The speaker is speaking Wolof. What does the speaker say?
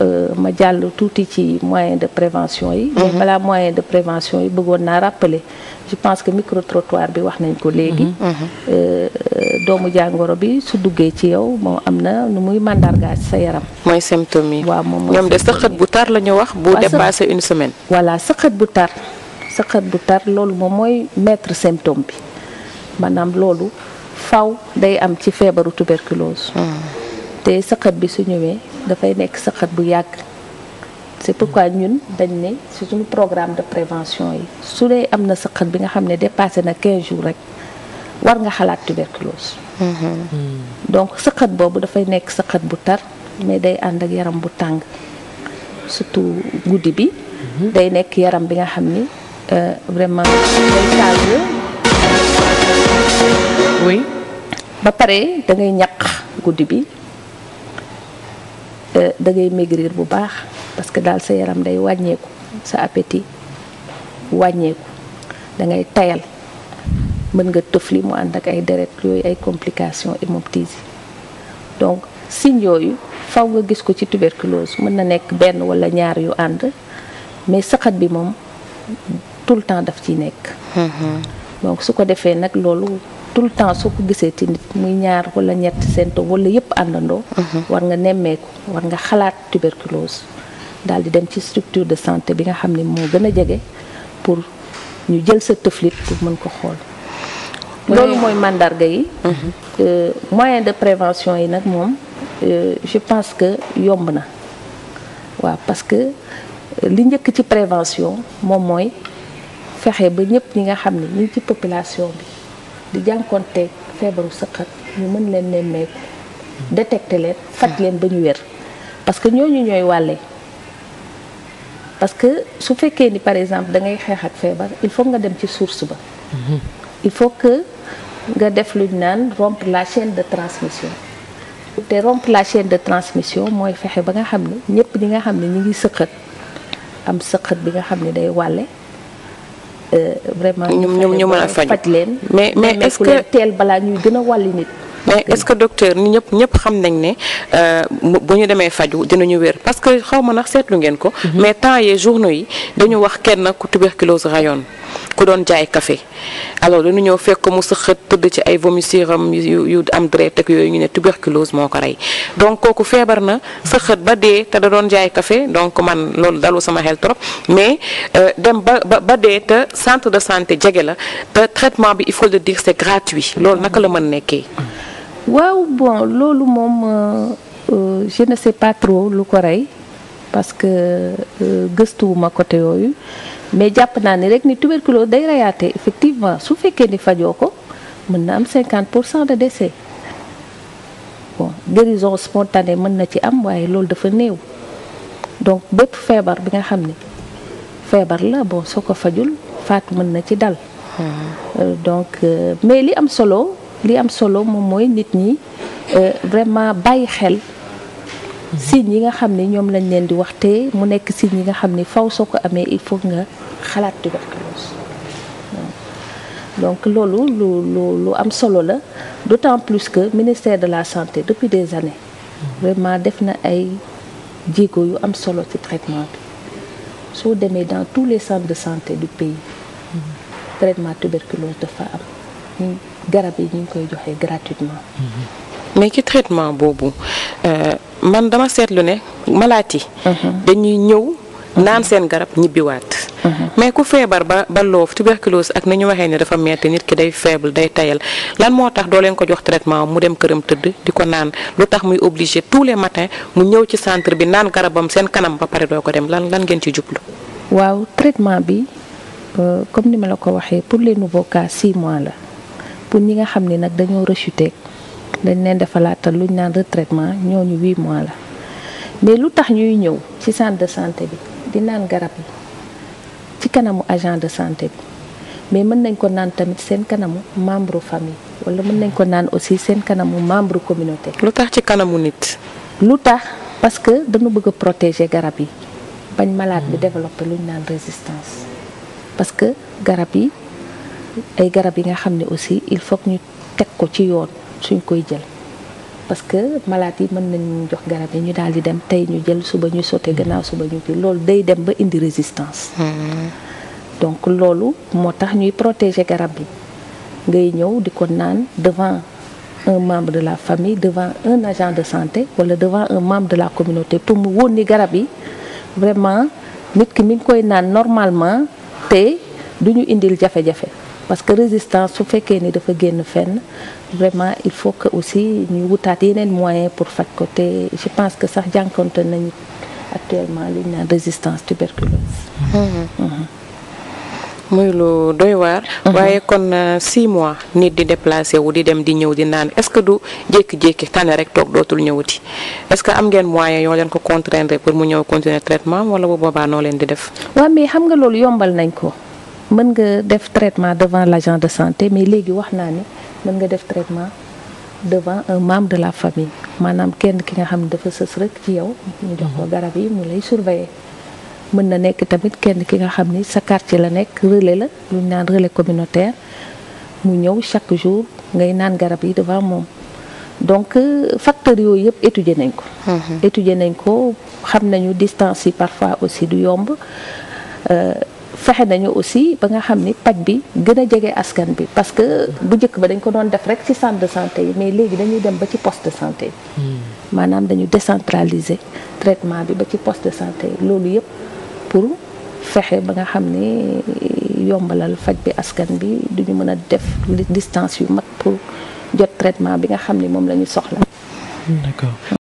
Euh, ma jàll tuuti ci moyen de prévention yi mais mhm. balaa moyen de prévention yi bëggoon naa rappeler je pense que micro bi wax nañ ko léegi mhm. Mhm. Euh, doomu jàngoro bi su duggee ci yow moom am na nu muy màndargaal sa yaram mooy symptômes yi waaw moom ñoom de sëqët bu tar la ñu wax bu dépassé une semaine voilà sëqët bu tar sëqët bu tar loolu moom mooy maître symptôme bi maanaam loolu faw day am ci feebaru tuberculose te sëqët bi su ñëwee dafay nekk sëqat bu yàgg c'est pourquoi ñun dañ ne si suñu programme de prévention yi su dee am na sëqat bi nga xam ne dépassé na 15 jours rek war nga xalaat tuberculose mm-hmm. donc sëqat boobu dafay nekk saxat bu tar mais day ànd ak yaram bu tàng surtout guddi bi mm-hmm. day nekk yaram bi nga xam ni euh, vraiment day tàng ba pare da ngay ñaq guddi bi da ngay maigrir bu baax parce que daal sa yaram day wàññeeku sa appétit wàññeeku da ngay tayal mën nga tëfli mu ànd ak ay deret yooyu ay complications hémoptysie donc signes yooyu faw nga gis ko ci tuberculose mën na nekk benn wala ñaar yu ànd mais saxat bi moom tout le temps daf ciy nekk mm-hmm. donc su ko defee nag loolu tout le temps soo ko gisee ci nit muy ñaar wala ñett seen doom wala yëpp àndandoo. Mhm. war nga nemmeeku war nga xalaat tuberculose. daal di dem ci structure de santé bi nga xam ne moo gën a jege pour ñu jël sa tëflit pour mën ko xool. loolu mooy màndarga yi. Mhm. Euh, moyen de prévention yi nag moom euh, je pense que yomb na waaw parce que euh, li njëkk ci prévention moom mooy fexe ba ñëpp ñi nga xam ne ñu ci population bi. di jànkoonteeg feebaru sëqat ñu mën leen nemmeeku détecté leen faj ah. leen ba ñu wér parce que ñooñu ñooy wàlle parce que su fekkee ni par exemple da ngay xeex ak feebar il faut nga dem ci source ba mhm. il faut que nga def luñ naan rompre la chaine de transmission te rompre la chaine de transmission mooy fexe ba nga xam ne ñëpp ñi nga xam ne ñu ngi sëqat am sëqat bi nga xam ne day wàlle Euh, vraiment ñu ñu mën a faj leen mais mais est-ce teel balaa ñuy gën a wàlli nit mais est-ce que docteur ni ñëpp ñëpp xam nañ ne euh, bu ñu demee faju dinañu wér parce que xaw ma nag seetlu ngeen ko mhm. mais temps yee journaux yi dañu wax kenn ku tuberculose rayon ku doon jaay kafe alors dañu ñëw fekk mu sëqët tëdd ci ay vomissures yu yu am deret ak yooyu ñu ne tuberculose moo ko rey donc kooku feebar na sëqët ba dee te da doon jaay kafe donc man loolu dalu sama xel trop mais euh, dem ba ba ba dee te centre de santé jege la te traitement bi il faut le dire c'est gratuit loolu naka la mën nekkee. waaw bon loolu moom euh, euh, je ne sais pas trop lu ko rey parce que gëstuwuma côté yooyu. mais jàpp naa ni rek ni tuberculose day reyaate effectivement su fekkee ni fajoo ko mën na am 50 pour cent de décès bon guérison spontanée mën na ci am waaye loolu dafa néew donc bépp feebar bi nga xam ni feebar la bon soo ko fajul faatu mën na ci dal. Hmm. Euh, donc euh, mais li am solo li am solo moom mooy nit ñi euh, vraiment bàyyi xel. signes yi nga xam ne ñoom lañ leen di wax mu nekk signes yi nga xam ne faw soo ko amee il faut nga xalaat tuberculose donc loolu lu lu lu am solo la d'autant plus que ministère de la santé depuis des années vraiment def na ay jéego yu am solo ci traitement bi soo demee dans tous les centres de santé du pays traitement tuberculose dafa am garab yi ñu ngi koy joxee gratuitement mais ci traitement boobu euh, man dama seetlu ne malaat yi mhm. dañuy ñëw mhm. naan seen garab ñibbiwaat mhm. mais ku feebar ba ba loof tuberculose ak ni ñu waxee ne dafa metti nit ki day faible day tayal lan moo tax doo leen ko jox traitement mu dem këram tëdd di ko naan lu tax muy obligé tous les matins mu ñëw ci centre bi naan garabam seen kanam ba pare doo ko dem lan lan ngeen ci jublu. waaw traitement bi euh, comme ni ma la ko waxee pour les nouveaux cas 6 mois la pour ñi nga xam ne nag dañoo rechuté dañ leen defalaatal lu ñu naan retraitement ñooñu huit mois la mais lu tax ñuy ñëw ci centre de santé bi di naan garab ci kanamu agent de santé mais mën nañ ko naan tamit seen kanamu membre famille wala mën nañ ko naan aussi seen kanamu membre communauté. lu tax ci kanamu nit. lu tax parce que dañu bëgg a protéger garab yi bañ malaat bi développé luñ naan résistance parce que garab yi ay garab yi nga xam ne aussi il faut ñu teg ko ci yoon. suñ koy jël parce que malade yi mën nañu jox garab yi ñu daal di dem tey ñu jël suba ñu sottee gannaaw suba ñu kii loolu day dem ba indi résistance. Hmm. donc loolu moo tax ñuy protéger garab yi ngay ñëw di ko naan devant un membre de la famille devant un agent de santé wala devant un membre de la communauté pour mu wóor ni garab yi vraiment nit ki mi ngi koy naan normalement te du ñu indil jafe-jafe. parce que résistance su fekkee ni dafa génn fenn vraiment il faut que aussi ñuy wutaat yeneen moyen pour faj ko te je pense que sax jànkonte nañu actuellement li ñu naan résistance tuberculose. Mm-hmm. muy lu doy waar. Mm-hmm. waaye kon 6 euh, mois nit di déplacé wu di dem di ñëw di naan est-ce que du jékki-jékki tane rek toog dootul ñëwuti est-ce que am ngeen moyen yoo leen ko contraindre pour mu ñëw continuer traitement wala bu boobaa noo leen di def. waaw mais xam nga loolu yombal nañ ko. mën nga def traitement devant l'agent de santé mais léegi wax naa ni mën nga def traitement devant un membre de la famille maanaam kenn ki nga xam ne dafa sës rek ci yow. ñu jox ko mhm. garab yi mu lay surveiller. mën na nekk tamit kenn ki nga xam ni sa quartier la nekk relais la lu naan relais communautaire mu ñëw chaque jour ngay naan garab yi devant moom. donc euh, facteurs yooyu yëpp étudier nañ ko. Mhm. étudier nañ ko xam nañu distance yi parfois aussi du yomb. Euh, fexe nañu aussi ba nga xam ni paj bi gën a jege askan bi parce que bu njëkk ba dañ ko doon def rek ci centre de santé yi mais léegi dañuy dem ba ci poste de santé yi hmm. maanaam dañu décentraliser traitement bi ba ci poste de santé yi loolu yëpp pour fexe ba nga xam ni yombalal faj bi askan bi duñu mën a def distance yu mag pour jot traitement bi nga xam ni moom la ñu soxla hmm,